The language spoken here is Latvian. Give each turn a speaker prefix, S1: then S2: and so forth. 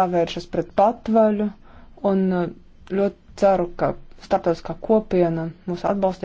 S1: jāvēršas pret patvaļu un uh, ļoti ceru, ka starptautiskā kopiena mūs atbalstīs.